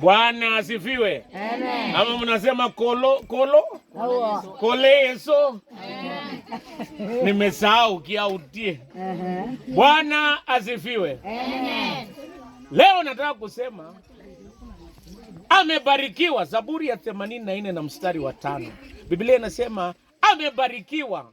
Bwana asifiwe. Ama mnasema kolo kolo koleso, nimesahau kiautie. Bwana asifiwe. Leo nataka kusema amebarikiwa. Zaburi ya 84 na na mstari wa tano Biblia inasema amebarikiwa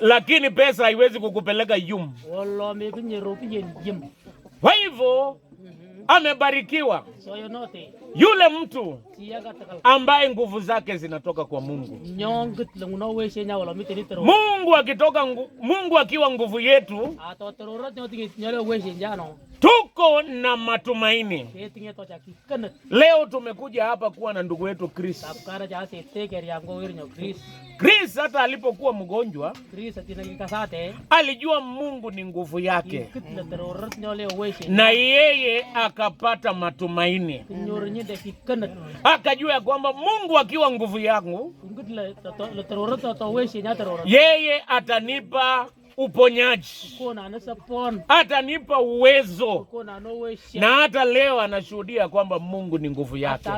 lakini pesa haiwezi kukupeleka yum. Kwa hivyo amebarikiwa. Yule mtu ambaye nguvu zake zinatoka kwa Mungu. Mungu akitoka Mungu akiwa nguvu yetu, tuko na matumaini. Leo tumekuja hapa kuwa na ndugu yetu Chris. Chris hata alipokuwa mgonjwa alijua Mungu ni nguvu yake na yeye akapata matumaini laini, akajua ya kwamba Mungu akiwa nguvu yangu, yeye atanipa uponyaji atanipa uwezo, na hata leo anashuhudia kwamba Mungu ni nguvu yake.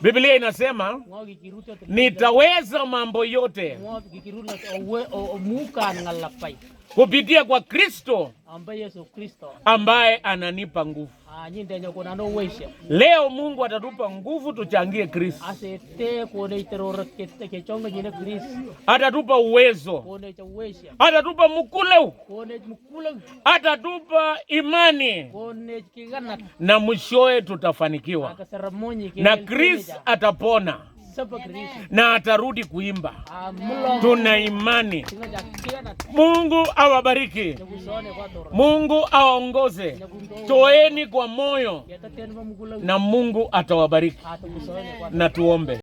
Biblia inasema nitaweza mambo yote kupitia kwa Kristo ambaye Yesu Kristo ambaye ananipa nguvu. Leo Mungu atatupa nguvu, tuchangie Kristo, atatupa uwezo, atatupa mkuleu, atatupa imani na mwishowe tutafanikiwa na Kristo atapona na atarudi kuimba. Tuna imani Mungu awabariki, Mungu awaongoze. Toeni kwa moyo na Mungu atawabariki. Na tuombe.